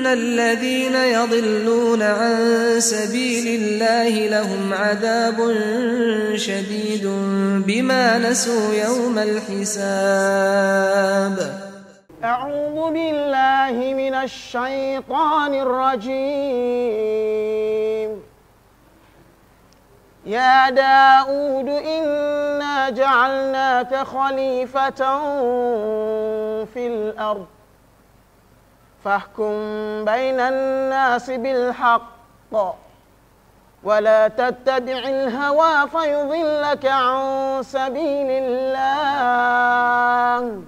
ان الذين يضلون عن سبيل الله لهم عذاب شديد بما نسوا يوم الحساب اعوذ بالله من الشيطان الرجيم يا داود إنا جعلناك خليفة في الأرض فاحكم بين الناس بالحق ولا تتبع الهوى فيضلك عن سبيل الله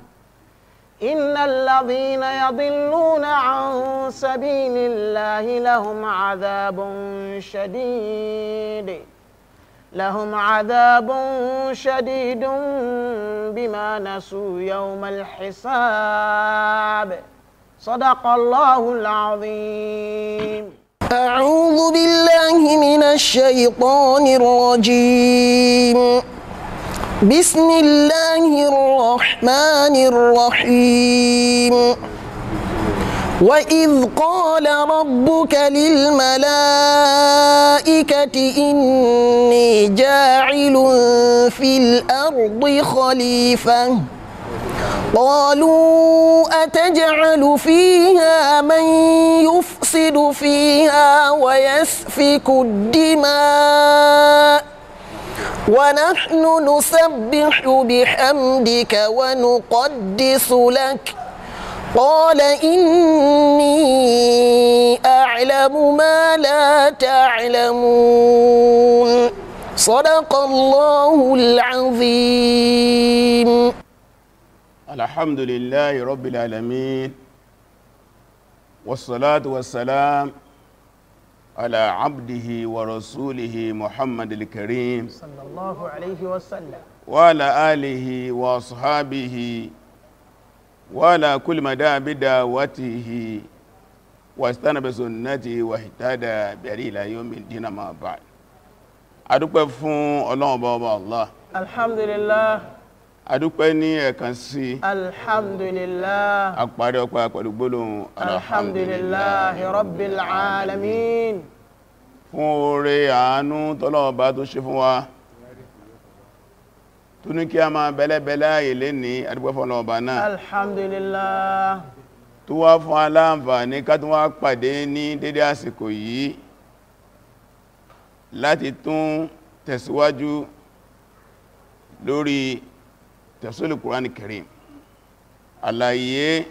إن الذين يضلون عن سبيل الله لهم عذاب شديد لهم عذاب شديد بما نسوا يوم الحساب صدق الله العظيم أعوذ بالله من الشيطان الرجيم بسم الله الرحمن الرحيم وإذ قال ربك للملائكة إني جاعل في الأرض خليفةً قالوا أتجعل فيها من يفسد فيها ويسفك الدماء ونحن نسبح بحمدك ونقدس لك قال إني أعلم ما لا تعلمون صدق الله العظيم الحمد لله رب العالمين والصلاة والسلام على عبده ورسوله محمد الكريم صلى الله عليه وسلم وعلى آله وأصحابه وعلى كل مدى بدعوته واستنى بسنته واهتدى بهديه إلى يوم الدين ما بعد adúpẹ́ fún Ọlọ́run Ọba Ọba Allah alhamdulillah adúpẹ́ ní ẹ̀kan sí alhamdulillah àparí ọpá pẹ̀lú gbólóhùn alhamdulillah rabbil alamin fún oore àánú tọ́lọ̀ọ̀bá tó ṣe fún wa tó ní kí a máa bẹ́lẹ́bẹ́lẹ́ ilé ní adúpẹ́ fọ́lọ̀ọ̀bá náà alhamdulillah tó wá fún aláǹfààní ká tún wá pàdé ní dédé àsìkò lórí tafsirul Qur'an Karim àlàyé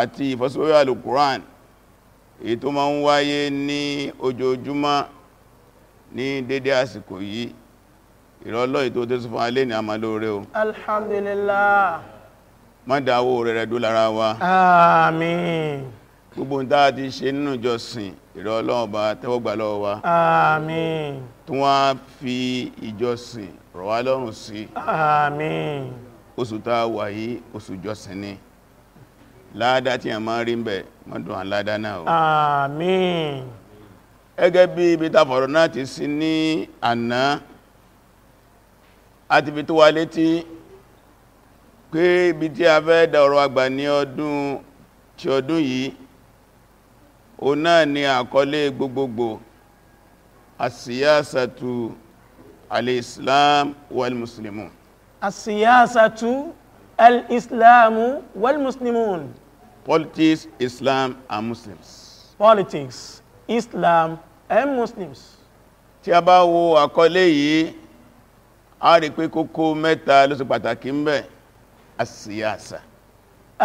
àti ìfọ́síwẹ́wẹ́ al-Qur'an èyí tó máa ń wáyé ní ojoojúmọ́ ní dédé àsìkò yìí ìrọlọ́ ètò tó sọ fún alẹ́ ní àmàlóore o alhamdulillah má dáwó rẹ̀ rẹ̀ dó lára wa àmín gbogbo ń dáa ti ṣe nínú ìjọsìn ìrọlọ́ ọba tẹ́wọ́gbà lọ́wọ́ wa tó wá fi ìjọsìn rọ̀ wá lọ́rùn sí àmín oṣù tá a wà yìí oṣù jọsìn ni láàdá tí a máa rí ń bẹ̀ mọ́dún àládá náà o àmín ẹgẹ́ bí ibi tàfọ̀rọ̀ náà ti sí ní àná àti fi tó wá létí pé ibi tí a fẹ́ dá ọ̀rọ̀ àgbà ní ọdún tí ọdún yìí o náà ni àkọlé gbogbogbò àsíyásàtù al-islam wal-muslimun as-siyasatu al-islamu wal-muslimun politics islam and muslims politics islam and muslims tí a bá wo àkọlé yìí a rí pé kókó mẹ́ta ló ṣe pàtàkì ń bẹ as-siyasa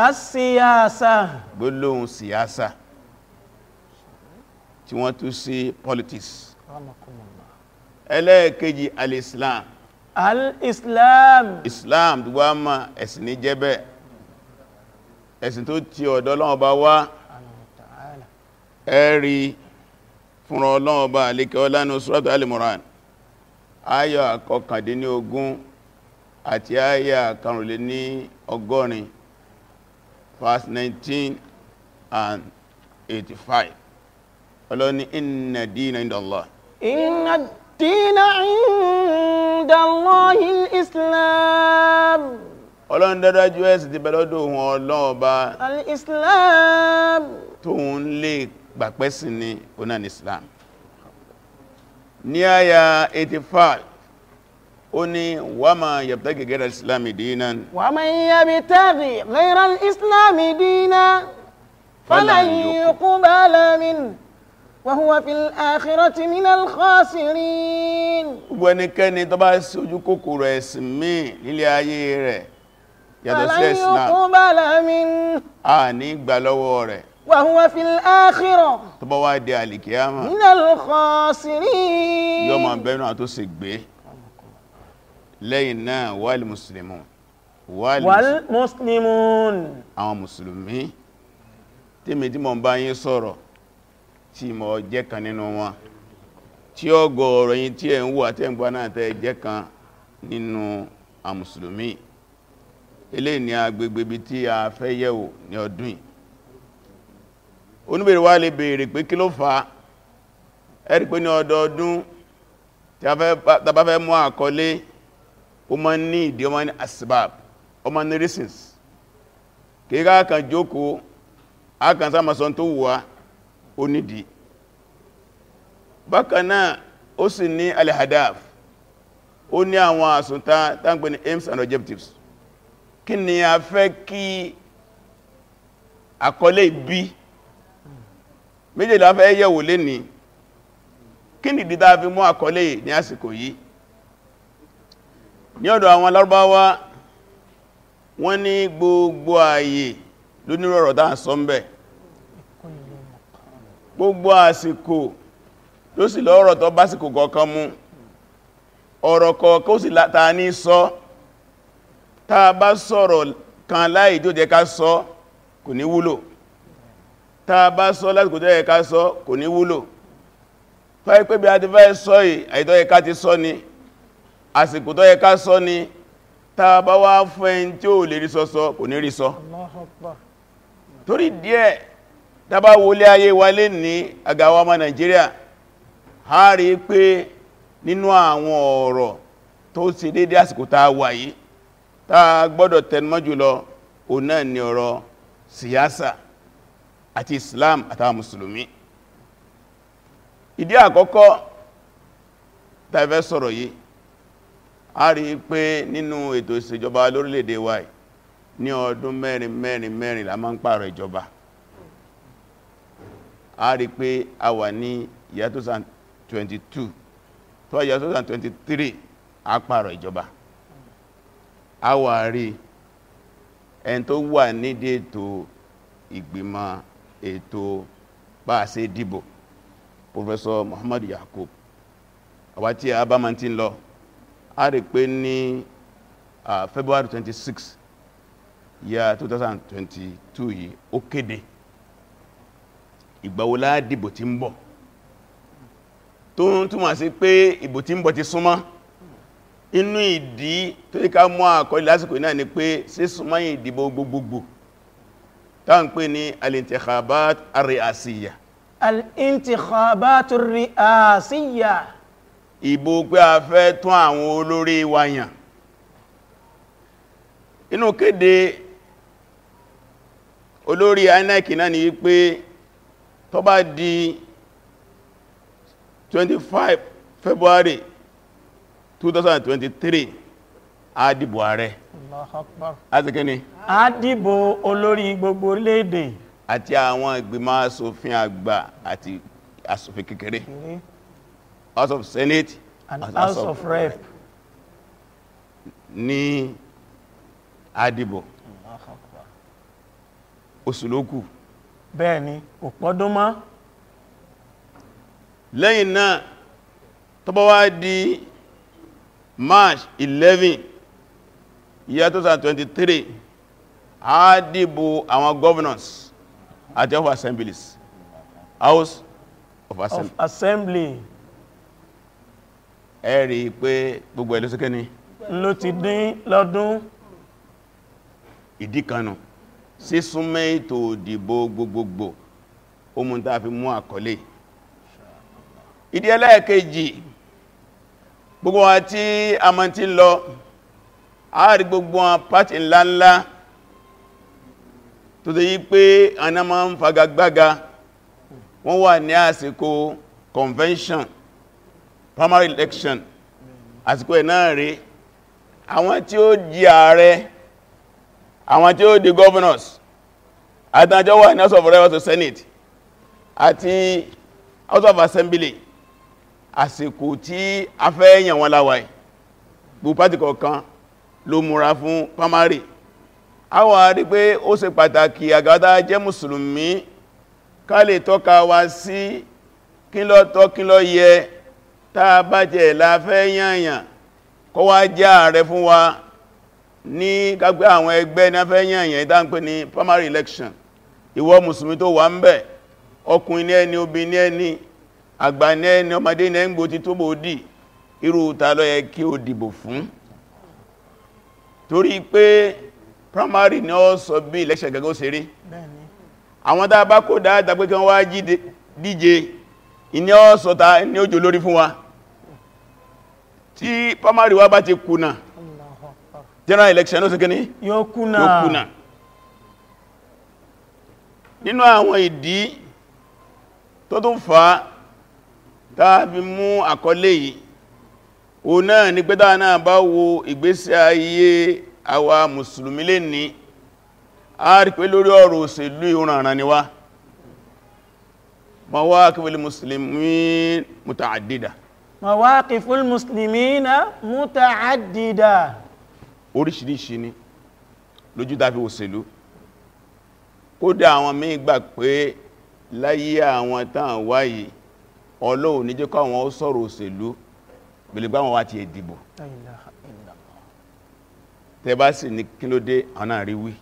as-siyasa gbólóhùn siyasa tí wọ́n tú sí politics ẹlẹ́ẹ̀kejì al-islam al-islam islam tó wá ma ẹ̀sìn ní jẹ́bẹ̀ ẹ̀sìn tó ti ọ̀dọ̀ Ọlọ́run Ọba wá ẹ̀rí fúnra Ọlọ́run Ọba àlékẹ́ ọlánà suratul al-imran ayà kọkàndínlógún àti ayà karùnlé ní ọgọ́rin verse 19 and 85 ọlọ́ni inna dina inda Allah inna الدين عند الله الإسلام ọlọ́run dájú ẹ̀sìn ti bẹ̀lọ́dọ̀ ohun ọlọ́run ọba al-islam tóun lè gbàpẹ́ sí ní onan islam ní àyà 85 ó ní wà máa yàbtà gẹ̀gẹ̀rẹ̀ islami dínà wà máa yàbtà gẹ̀gẹ̀rẹ̀ islami dínà falan yuqbala min wàhùwà fi àkhírọ́tì minal khasirin. gbogbo ẹnikẹ́ni tó bá ṣojú kòkòrò ẹ̀sìn míì nílé ayé rẹ̀ yàtọ̀ sí ẹ̀sìn náà. aláyọ̀kún bá lámin. a ní gbà lọ́wọ́ rẹ̀. wàhùwà fi àkhírọ̀. tó bá wá di àlìkíyàmà. minal náà wal muslimun tí mọ̀ jẹ́ kan nínú wọn tí ó gọ̀ọ̀rọ̀ yìí tí ẹ̀ ń wò àti ẹ̀gbọ́n náà tẹ́ jẹ́ kan nínú a mùsùlùmí ilé ní agbègbè bí tí a fẹ́ yẹ̀wò ní ọdún oníbèrè wá lè bèèrè pé kí ló fà á pé ní ọdọọdún tí a bá fẹ́ mú àkọlé ó máa ní ìdí ó ní asbab ó ní reasons kí ká kan jókòó a kan tó wùwá onidi nídìí bákanáà ó sì ní alihadaf ó ní àwọn àsùntá tánkpé ní aims and objectives kí ni a fẹ́ kí àkọlé bí méjìlá fẹ́ yẹ̀wò lé ní kí ni tá fi mú àkọlé ní àsìkò yìí ní ọ̀dọ̀ àwọn Lárúbáwá wọ́n ní gbogbo ààyè lónírọ̀rọ̀ dáa sọ́mbẹ̀ gbogbo àsìkò ló sì lọ́rọ̀ tó bá sìkò kọ̀ọ̀kan mú ọ̀rọ̀ kọ̀ọ̀kan ó sì láta ní sọ tá bá sọ̀rọ̀ kan láì tó jẹ́ ká sọ kò ní wúlò tá bá sọ láti kò jẹ́ ká sọ kò ní wúlò tó yẹ pé bí a sọ yìí ká ti sọ ni àsìkò tó ká sọ ni tá bá wá fún tí ó lè rí sọ sọ kò ní rí sọ torí díẹ̀ dábá wọlé ayé agawama nigeria ní ọmọ ha rí pé nínú àwọn ọ̀rọ̀ tó si dédé àsìkò tá a wà a gbọ́dọ̀ tẹnumọ́ jùlọ o náà ni ọ̀rọ̀ siyasa àti Islam àtàwọn Mùsùlùmí ìdí àkọ́kọ́ tàbẹ́ sọ̀rọ̀ yìí a rí pé nínú ètò ìṣèjọba lórílẹ̀-èdè wa ní ọdún mẹ́rin mẹ́rin mẹ́rin la máa ń pààrọ̀ ìjọba a rí pé a wà ní year 2022 tó wà year 2023 àpàrọ̀ ìjọba a wà rí ẹni tó wà nídìí ètò ìgbìmọ̀ ètò bá a ṣe dìbò Professor Muhammad Yakub àwa tí a bá máa ti ń lọ a rí pé ní February 26 year 2022 yìí ó kéde ìgbàwọlá dìbò tí ń bọ̀ tó ń túnmà sí pé ìbò tí ń bọ̀ ti súnmọ́ inú ìdí tó ká mọ́ àkọlù lásìkò náà ni pé sí súnmọ́ ìdìbò gbogbogbò táà ń pè ní al-intikhabat ar-ri'asiyya INEC náà ni wípé tó bá di 25 February 2023 àdìbò ààrẹ àtìkíní àdìbò olórí gbogbo orílẹ̀-èdè àti àwọn ìgbìmọ̀ asòfin àgbà àti asòfin kékeré House of Senate and House of Rep ní àdìbò oṣù lókù bẹ́ẹ̀ ni kò pọ́dún mọ́ lẹ́yìn náà tó bá wá di March 11 year 2023 a dìbò àwọn governors àti of assemblies house of assembly, of assembly. ẹ rí pé gbogbo ẹ̀ ló síkẹ́ ni ló ti dín lọ́dún ìdí kanu sísúnmọ́ ètò òdìbò gbogbogbò ohun tá fi mú àkọlé ìdí ẹlẹ́ẹ̀kejì gbogbo wa tí a mọ̀ tí lọ àárí gbogbo wọn pàtí ńláńlá tó tó yí pé aná máa ń fagagbága wọ́n wà ní àsìkò convention primary election àsìkò ẹ̀ náà rí àwọn tí ó jí ààrẹ àwọn tí ó di governors àtàjọ́ wà ní house of reps to senate àti house of assembly àsìkò tí a fẹ́ yàn wọn láwàá gbogbo pàtí kọ̀ọ̀kan ló múra fún primary a wà rí pé ó ṣe pàtàkì àgádá jẹ́ mùsùlùmí ká lè tọ́ka wa sí kí tọ́ kí yẹ tá a bá jẹ́ jẹ́ ààrẹ fún wa ní gbogbo àwọn ẹgbẹ́ ní afẹ́ yẹ̀yẹ̀ ìdánpé ní primary election ìwọ mùsùlùmí tó wà ń bẹ̀ ọkùnrin ní ẹni obìnrin ní ẹni àgbà ní ẹni ọmọdé ní ẹgbò ti tó bòódì irú ta kí o dìbò fún torí pé primary ní ọ sọ bí election gẹ́gẹ́ ó ṣe rí àwọn tá a bá kó dáadáa pé kí wọ́n wá díje ìní ọ sọ ta ní ó lórí fún wa tí primary wa bá ti kùnà general election ó sì kíní yóò kùnà nínú àwọn ìdí tó tún fa tàbí mú àkọlé yìí o náà ni pé dáa náà bá wo ìgbésí ayé àwa mùsùlùmí lè ní a rí lórí ọ̀rọ̀ òṣèlú ìrànràn ni wá mawaqiful muslimin muta'addida mawaqiful muslimina muta'addida oríṣiríṣi ni lójú tàbí òṣèlú kódà àwọn míì gbà pé láyé àwọn tán wáyé Ọlọ́hun ní jẹ́ kó àwọn ó sọ̀rọ̀ òṣèlú gbẹ̀lẹ̀gbà wọn wá ti ìdìbò tẹbá sì ní kí ló dé àwọn àríwí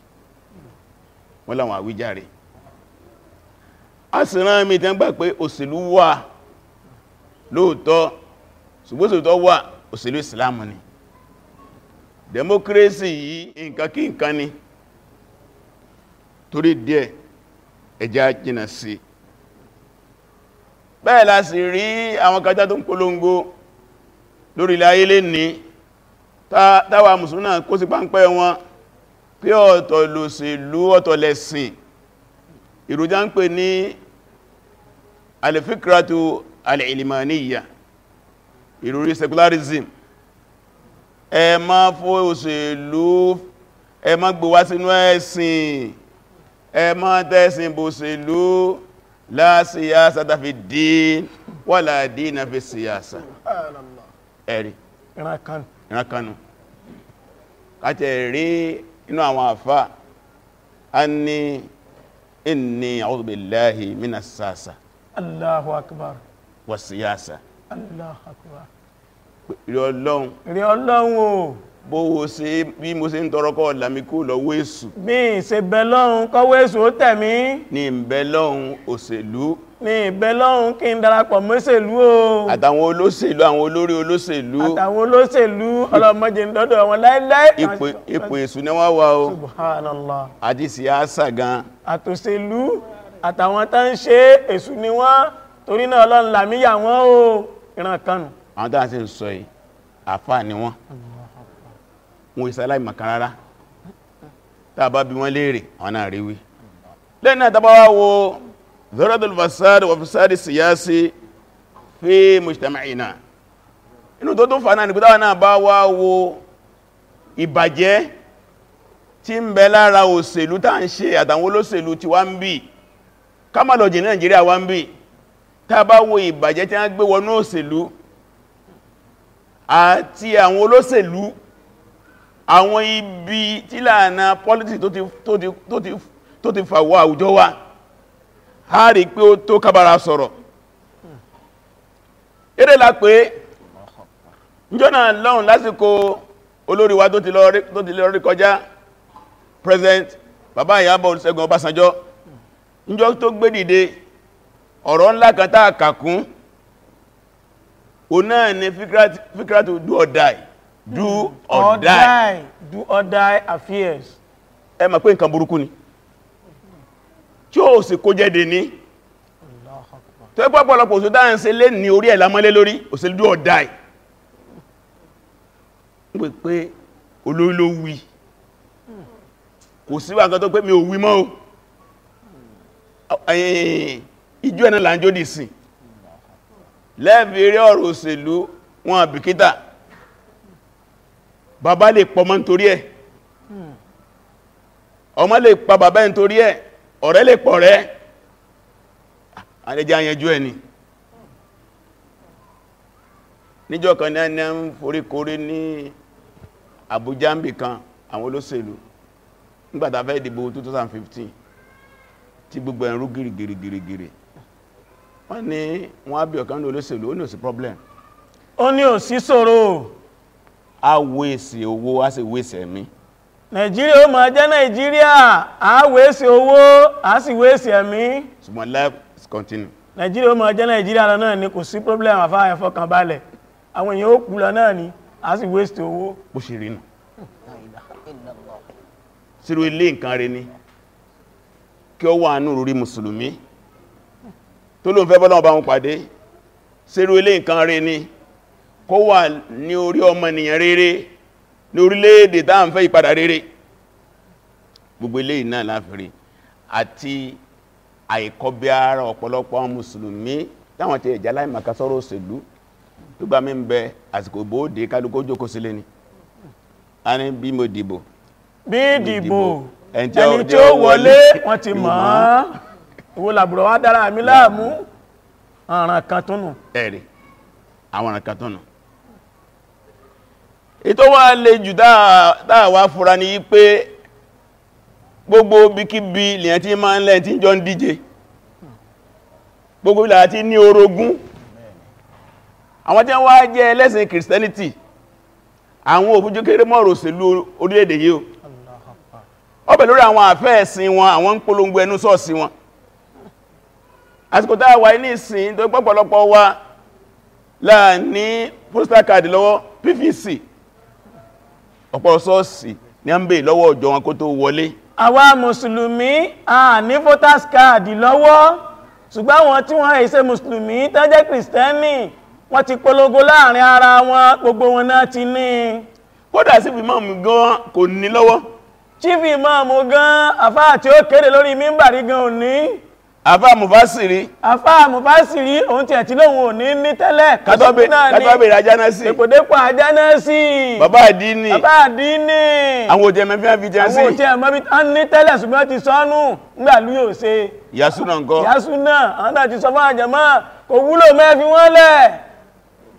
wọ́n láwọn àwíjàre a òṣèlú wà ni democracy yìí nǹkan kí nǹkan ni torí díẹ̀ ẹjá jìnà sí bẹ́ẹ̀ la sì rí àwọn kajá tó ń polongo lórí láyé lè ní táwà mùsùlùmí náà kó sí páńpẹ́ wọn pé ọ̀tọ̀ lòṣèlú ọ̀tọ̀ lẹ̀sìn ìròjá ń pè ní alifikratu alìlìmàníyà ìròrí secularism ẹ má fó òṣèlú ẹ má gbówá sínú ẹ̀sìn ẹ má tẹ́sìn bòṣèlú la siyasata fi din wala dina fi siyasa ẹ̀rí ìrankanu káàkiri rí inú àwọn àfá a ní inni a'udhu billahi minas sasa Allahu akbar wa siyasa Allahu akbar rí ọlọ́run rí ọlọ́run o bówó ṣe bí mo ṣe ń tọrọkọ́ ọ̀làmí kó lọ́wọ́ èṣù bí i ṣe bẹ̀lọ́run kọ́wọ́ èṣù ó tẹ̀mí ní ìbẹ̀lọ́run òṣèlú ní ìbẹ̀lọ́run kí n darapọ̀ mọ́ṣèlú o àtàwọn olóṣèlú àwọn olórí olóṣèlú àtàwọn olóṣèlú ọlọ́mọdé lọ́dọ̀ wọn láíláí subhanallah àti siyasa gan àtòṣèlú àtàwọn tán ṣe èṣù ni wọ́n torí náà ọlọ́run làmíyà àwọn tó àti ń sọ yìí àfà ni wọ́n wọn ìsàlá ìmọ̀kan rárá tàbá bí wọ́n léèrè wọn náà ríwí lẹ́nà tàbáwá wo zaradul fasad wa fasad siyasi fi mujtama'ina inú tó tó fà náà nígbàtà náà bá wá wo ìbàjẹ́ tí ń bẹ lára òṣèlú tàà ń ṣe àtàwọn olóṣèlú ti wá ń bí kámàlọ̀jì ní Nàìjíríà wá ń bí tàbá wo ìbàjẹ́ tí wọ́n gbé wọnú òṣèlú àti àwọn olóṣèlú àwọn ibi tí láàna politics tó ti fàwọ́ àwùjọ wa ha rí pé ó tó kábára sọ̀rọ̀ eré la pé jọ́nà lọ́hùn lásìkò olórí wa tó ti lọ kọjá president bàbá Ìyábọ̀ Olúṣẹ́gun Ọbásanjọ́ níjọ́ tó gbé dìde ọ̀rọ̀ ńlá kan táà o náà ni fikratu do or die do or die do or die affairs ẹ ma pé nǹkan burúkú ni tí ó sì kó jẹ́dẹ̀ ní tó ẹ́ pọ́pọ̀lọpọ̀ òsò dáa ń ṣe lé ní orí ẹ̀lámọ́lé lórí òsè do or die ń pè pé olórí ló wí kò síwá nǹkan tó pé mi ò wí mọ́ o ẹ̀nà là ń sìn lẹ́bẹ̀ẹ́rẹ́ ọ̀rọ̀ òṣèlú wọn àbìkítà bàbá lè pọ̀ mọ́ nítorí ẹ̀ ọmọ lè pa bàbá nítorí ẹ̀ ọ̀rẹ́ lè pọ̀ rẹ́ àrẹjẹ́ àyẹjú ẹni níjọ́ kan ní ẹni ń foríkorí ní Àbújá ń bì kan àwọn olóṣèlú nígbàtà fẹ́ ìdìbò 2015 tí gbogbo ẹ̀rú gírígírígírí wọ́n ní wọ́n á bí ọ̀kan ló lóṣèlú ó ní òsì problem ó ní òsì a si owó a sì wéèsì ẹ̀mí ó jẹ́ nàìjíríà a wéèsì owó a sì wéèsì ẹ̀mí ṣùgbọ́n life is continue nigeria ó jẹ́ nigeria lọ náà ni kò sí problem àfá ẹ̀fọkàn balẹ̀ àwọn èèyàn ó kú lọ náà ni a sì wéèsì owó bó ṣe rí nù ilé ni kí ó wà nù tó ló ń fẹ́ bọ́lọ́wọ́ bá wọn pàdé sẹ́rú ilé nǹkan rẹ̀ ni kó wà ní orí ọmọnìyàn rere ní orílẹ̀-èdè tá ń fẹ́ ìpadà rere gbogbo ilé náà láfẹ́rí àti àìkọbi ọ̀pọ̀lọpọ̀ mùsùlùmí táwọn ti ẹ̀já láì ni a ní bí mo dìbò bí dìbò ìwò làbùrọ̀ wá dára mi láàmú ọ̀ràn kan tó nù ẹ̀rẹ̀ àwọn ọ̀ràn kan tó nù ètò wá lè jù gbogbo bíkíbi lèyàn tí máa ń lẹ́ tí jọ ń díje gbogbo ìlànà tí ní orogún àwọn tí wá jẹ́ ẹlẹ́sìn Christianity àwọn òfújú kéré mọ́rọ̀ òṣèlú orílẹ̀-èdè yìí ó bẹ̀ lórí àwọn àfẹ́ ẹ̀sìn wọn àwọn ń polongo ẹnu sọ́ọ̀sì wọn àsìkò tá a wà ní ìsìn tó pọ̀pọ̀lọpọ̀ wa láà ní postal card lọ́wọ́ pvc ọ̀pọ̀ ṣọ́ọ̀ṣì ní a ń bè lọ́wọ́ ọjọ́ wọn kó tó wọlé àwa mùsùlùmí a ní voters card lọ́wọ́ ṣùgbọ́n wọn tí wọ́n èsẹ́ mùsùlùmí tó jẹ́ kìrìsìtẹ́nì wọ́n ti polongo láàrin ara wọn gbogbo wọn náà ti ní kódà sí fi mọ́mù gan kò ní lọ́wọ́ chief imam gan àfáà tí ó kéde lórí mímbàrí gan ò ní àfá mùbásìrí àfá siri òun ti ẹ̀tí lóhun ò ní ní tẹ́lẹ̀ kàtọ́bẹ̀ àjánásí ìpòdépọ̀ àjánásí bàbá àdíní bàbá àdíní àwọn òjẹ̀ mẹ́fíà fi jẹ́ sí ní tẹ́lẹ̀ ṣùgbọ́n ti sọ́nù yóò àwọn náà ti sọ fún kò wúlò mẹ́fí wọ́n lẹ̀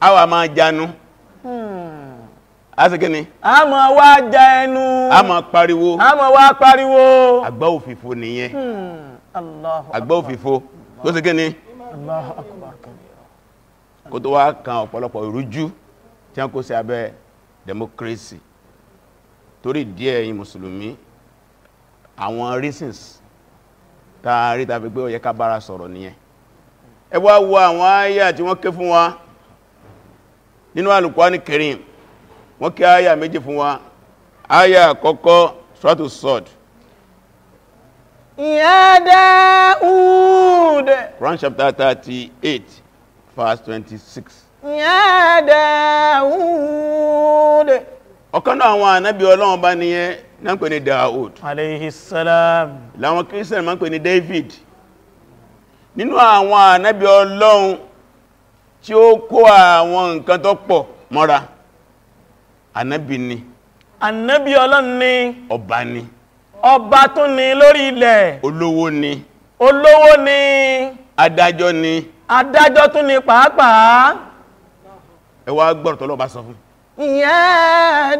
a wá ja hmm. ẹnu a pariwo a wá pariwo nìyẹn hmm. àgbá òfìfo tó sì kíni kó tó wá kan ọ̀pọ̀lọpọ̀ ìrújú tí wọ́n kó sí abẹ́ democracy torí díẹ̀ yìí mùsùlùmí àwọn reasons tààrí tàbí pé ó yẹ ká bára sọ̀rọ̀ nìyẹn ẹ wá wo àwọn àyà tí wọ́n ké fún wa nínú Al-Qur'ani Karim wọ́n ké àyà méjì fún wa àyà àkọ́kọ́ Suratu Sod Ya Daoud. Quran chapter 38, verse 26. Ya Daoud. Ọ̀kan náà àwọn ànábì Ọlọ́run bá nìyẹn náà ń pè ní Daoud. Alayhi salam. Láwọn Kírísítẹ̀n máa ń pè ní David. Nínú àwọn ànábì Ọlọ́run tí ó kó àwọn nǹkan tó pọ̀ mọ́ra, ànábì ni. Ànábì Ọlọ́run ni. Ọba ni. ọba tó ní lórí ilẹ̀ olówó ni olówó ni adájọ́ ni adájọ́ tún ni pàápàá ẹ wá gbọ́rọ̀ tọ́lọ́ bá sọ fún ìyá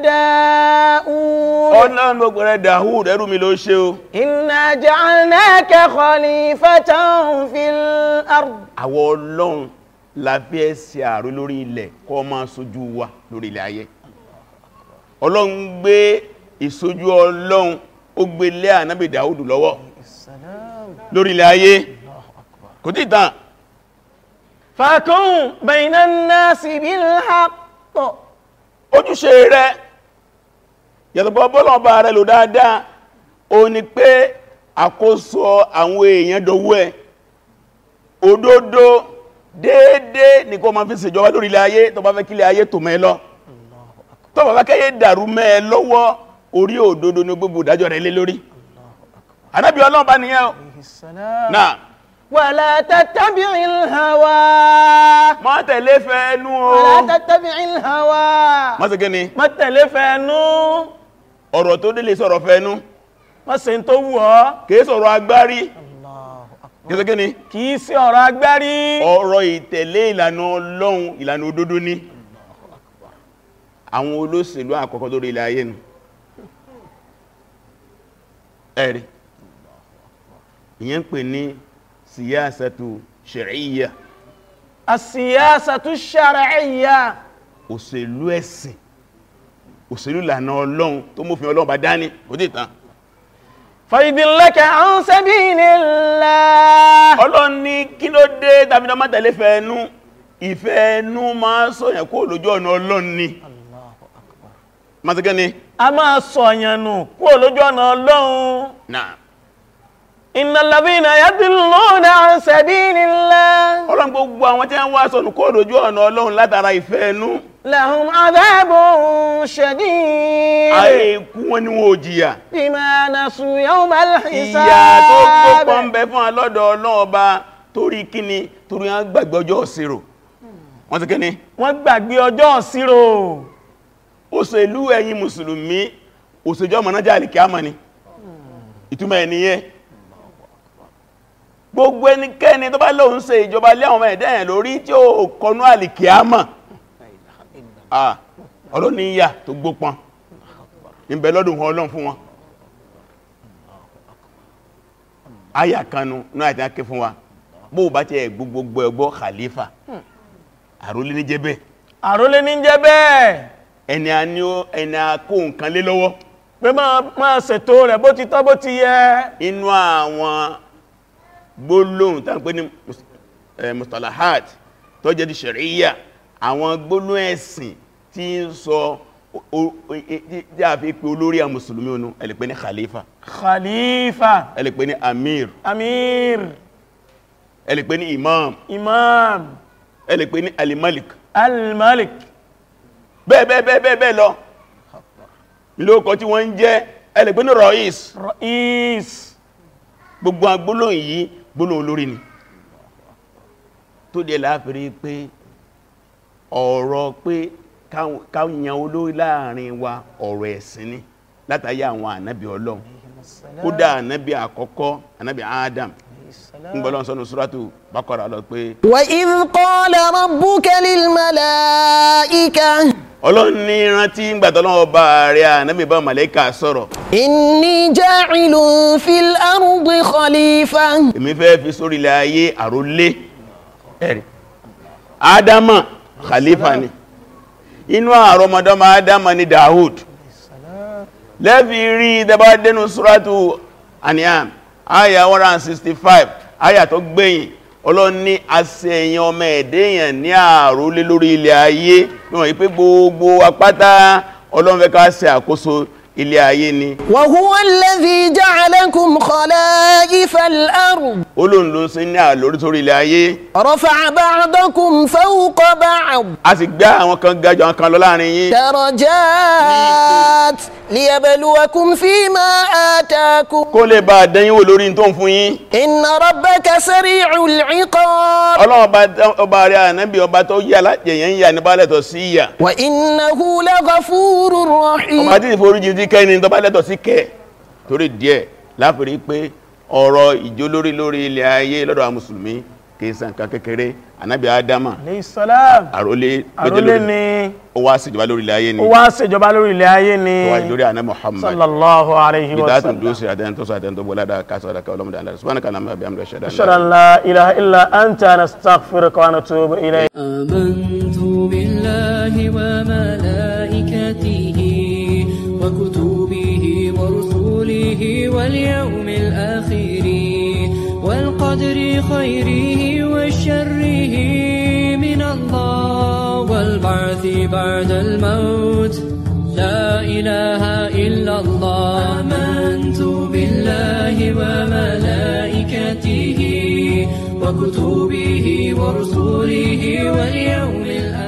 Dáúd ọ̀nà gbogbo rẹ̀ Dáúd ẹrú mi fil ard àwọ ọlọ́run lábí ẹsẹ̀ àrú lórí ilẹ̀ kó máa ṣojú wa lórí ilẹ̀ ayé ọlọ́run gbé ìṣojú ọlọ́run ó gbé lé ànábì dáúdù lọ́wọ́ lórí ilẹ̀ ayé kò tí ìtàn fàkún bẹ̀yìnà náà sì bí lápọ̀ ojúṣe rẹ̀ yàtọ̀bọ̀ bọ́lọ̀bà rẹ̀ lò dáadáa ó ní pé àkóso àwọn èèyàn dọwọ́ ẹ̀ òdodo déédéé ní kó ma fi ṣèjọba lórí ilẹ̀ ayé tó bá fẹ́ kílẹ̀ ayé tò mẹ́ lọ tó bá fẹ́ kẹ́yẹ dàrú mẹ́ lọ́wọ́ orí òdodo ní gbogbo ìdájọ́ rẹ̀ lé lórí anábí ọlọ́run bá nìyẹn o náà wàlá tàtàbí ìlhàwà má tẹ̀lé fẹ́ẹ̀nú o wàlá tàtàbí ìlhàwà má ṣe gẹ́ni má tẹ̀lé fẹ́ẹ̀nú ọ̀rọ̀ tó délé sọ̀rọ̀ fẹ́ẹ̀nú má ṣe tó wù ọ́ kìí sọ̀rọ̀ agbárí kìí ọ̀rọ̀ agbárí ọ̀rọ̀ ìtẹ̀lé ìlànà ọlọ́run ìlànà òdodo ni àwọn olóṣèlú àkọ́kọ́ lórí ilẹ̀ ayé nù ẹ̀rí ìyẹn ń pè ní síyásàtú ṣẹ̀ríyà àsíyásàtú ṣẹ̀ríyà òṣèlú ẹ̀sìn òṣèlú lànà ọlọ́run tó mọ́fin ọlọ́run bá dání kò dì tán fàyídínlẹ́kẹ̀ àwọn sẹ́bí nílẹ̀ ọlọ́run ní kí ló dé tàbídọ́ mátẹ̀lé fẹ́ẹ̀nú ìfẹ́ẹ̀nú máa sọ́yàn kó lójú ọ̀nà ọlọ́run ni a máa sọ àyànnù kúrò lójú ọ̀nà ọlọ́run innal ladhina yadilluna an sabilillah ọlọ́run gbogbo àwọn tí wọ́n wá sọnù kúrò lójú ọ̀nà ọlọ́run látara ìfẹ́ ẹnu lahum adhabun shadid àìkú wọn ni wọ́n jìyà tó ń bẹ fún torí torí gbàgbé wọ́n òṣèlú ẹ̀yin mùsùlùmí òṣèjọ mọ̀nájá àlìkí àmà ni ìtumọ̀ ẹniyẹ gbogbo ẹnikẹ́ni tó bá lóun ṣe ìjọba lé àwọn ẹ̀dẹ́yẹn lórí tí ó kọnú àlìkí ọlọ́níyà tó gbópọn ìbẹ̀ lọ́dún àrólé ní ẹni a ní ó ẹni a kó nǹkan lé lọ́wọ́ pé máa ṣètò rẹ̀ bó ti tọ́ bó ti yẹ inú àwọn gbólóhùn tán pé ní mustalahat tó jẹ́ di ṣẹ̀ríyà àwọn gbólóhùn ẹ̀sìn tí ń sọ e, e, tí a fi pé olórí àwọn mùsùlùmí onú ẹ ní khalifa khalifa ní amir amir ní imam imam ní alimalik bẹ́ẹ̀ bẹ́ẹ̀ bẹ́ẹ̀ bẹ́ẹ̀ bẹ́ẹ̀ lọ ìlóòkọ́ tí wọ́n ń jẹ́ ẹlẹ̀gbẹ́nú rọ̀ís rọ̀ís gbogbo agbólóhùn yìí gbólóhùn lórí ni tó dẹ̀ láàfírí pé ọ̀rọ̀ pé káyàn olórí láàrin wa ọ̀rọ̀ ẹ̀sìn ni látàrí àwọn ànábì ọlọ́run ó dá ànábì àkọ́kọ́ ànábì Adam ngbọ́lọ́n sọ́nà súrátù lọ pé wa idh qala rabbuka ọlọ́run ní rántí ìgbàtọ́lọ́wọ́ bá rẹ̀ ànábì bá màlẹ́kà sọ̀rọ̀. inni ja'ilun fil ardi khalifa. èmi fẹ́ fi sórí ilẹ̀ ayé àrólé ẹ̀rì adama khalifa ni inú àrọmọdọ́mọ adama ni Dawud lẹ́fì rí dẹbàdẹ́nu suratu An'am aya 165 aya tó gbẹ̀yìn ọlọ́run ní àṣẹ èèyàn ọmọ ẹ̀dẹ́ èèyàn ní àrólé lórí ilẹ̀ ayé níwọ̀n yí gbogbo apáta ọlọ́run fẹ́ ṣe àkóso ilé ayé ni. wa huwa alladhi ja'alakum liyabluwakum fima atakum. kó lè bá a dẹ́yìn wò lórí tó ń fún yín. inna rabbaka sari'ul iqab. ọlọ́run ọba ọba rẹ̀ ànábì ọba tó yà lájẹ̀yẹ̀ ń yà ní balẹ̀ tó sí yà. wa innahu laghafurur rahim. ọba tí ìforíjì ti kẹ́ ni tó bá lẹ́tọ̀ sí kẹ́ torí díẹ̀ láfìrí pé ọ̀rọ̀ ìjó lórí lórí ilẹ̀ ayé lọ́dọ̀ àwọn mùsùlùmí kì í sàn kan kékeré ànábì ádámà. àròlé ni. ó wá ṣèjọba lórí ilẹ̀ ayé ni ó wá ṣèjọba lórí ilẹ̀ ayé ni lórí àná Muhammad sallallahu alaihi wa sallam bidá tún dúró sí àdáyẹn tó sọ àdáyẹn tó bọ́lá dáa kásọ̀ dáa kọ́lọ́mù dáa lọ́sùn wọn kàná bí amúlẹ̀ ṣẹ̀dá ṣẹ̀dá la ilaha illa anta nastaghfiruka wa natubu ilayk. amantu billahi wa malaikatihi wa kutubihi wa rusulihi wal yawmil akhiri wal qadri khayrihi wa sharrihi البعث بعد الموت لا إله إلا الله آمنت بالله وملائكته وكتبه ورسله واليوم الآخر